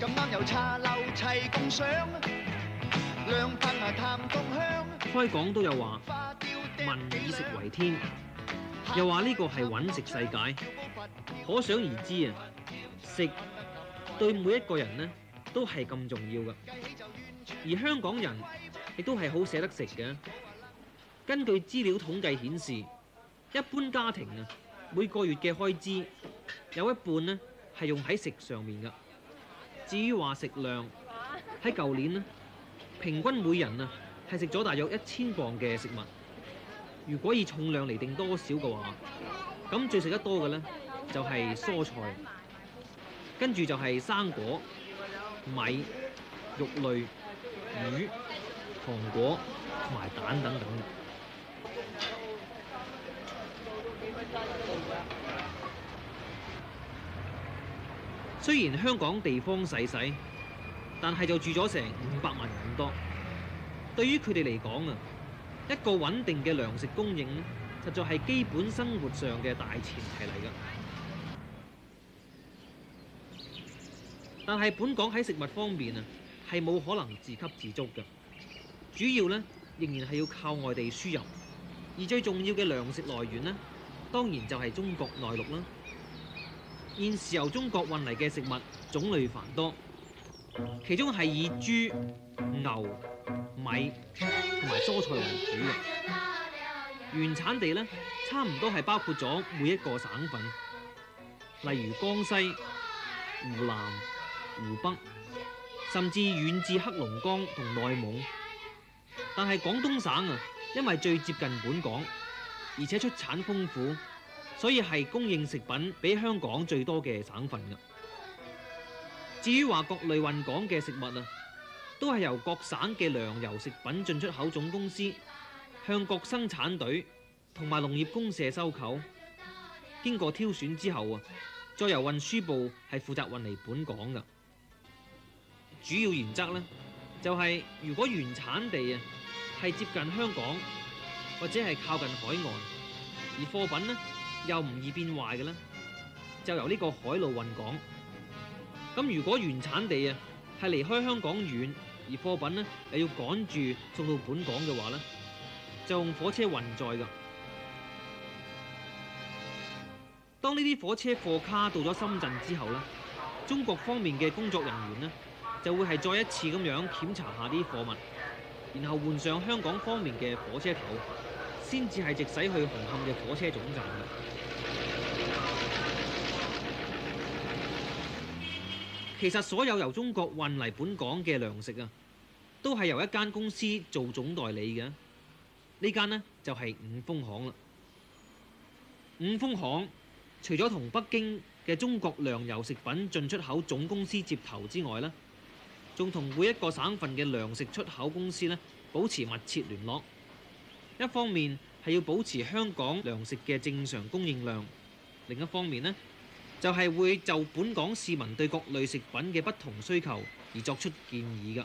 咁啱有茶樓齊共賞，兩份啊探共香。開講都有話，民以食為天，又話呢個係搵食世界，可想而知啊。食對每一個人呢都係咁重要㗎，而香港人亦都係好捨得食嘅。根據資料統計顯示，一般家庭啊每個月嘅開支有一半呢係用喺食上面㗎。至於話食量，喺舊年呢，平均每人啊係食咗大約一千磅嘅食物。如果以重量嚟定多少嘅話，咁最食得多嘅呢，就係蔬菜，跟住就係生果、米、肉類、魚、糖果同埋蛋等等。雖然香港地方細細，但係就住咗成五百萬人多，對於佢哋嚟講啊，一個穩定嘅糧食供應咧，實在係基本生活上嘅大前提嚟噶。但係本港喺食物方面啊，係冇可能自給自足嘅，主要呢仍然係要靠外地輸入，而最重要嘅糧食來源呢，當然就係中國內陸啦。現時由中國運嚟嘅食物種類繁多，其中係以豬、牛、米同埋蔬菜為主。原產地呢，差唔多係包括咗每一個省份，例如江西、湖南、湖北，甚至遠至黑龍江同內蒙。但係廣東省啊，因為最接近本港，而且出產豐富。所以係供應食品俾香港最多嘅省份㗎。至於話各類運港嘅食物啊，都係由各省嘅糧油食品進出口總公司向各生產隊同埋農業公社收購，經過挑選之後啊，再由運輸部係負責運嚟本港㗎。主要原則呢，就係如果原產地啊係接近香港或者係靠近海岸，而貨品咧，又唔易變壞嘅咧，就由呢個海路運港。咁如果原產地啊係離開香港遠，而貨品呢又要趕住送到本港嘅話，呢就用火車運載㗎。當呢啲火車貨卡到咗深圳之後，呢中國方面嘅工作人員呢就會係再一次咁樣檢查下啲貨物，然後換上香港方面嘅火車頭，先至係直駛去紅磡嘅火車總站嘅。其實所有由中國運嚟本港嘅糧食啊，都係由一間公司做總代理嘅。呢間呢就係五豐行啦。五豐行除咗同北京嘅中國糧油食品進出口總公司接頭之外呢，仲同每一個省份嘅糧食出口公司呢保持密切聯絡。一方面係要保持香港糧食嘅正常供應量，另一方面呢。就係會就本港市民對各類食品嘅不同需求而作出建議㗎。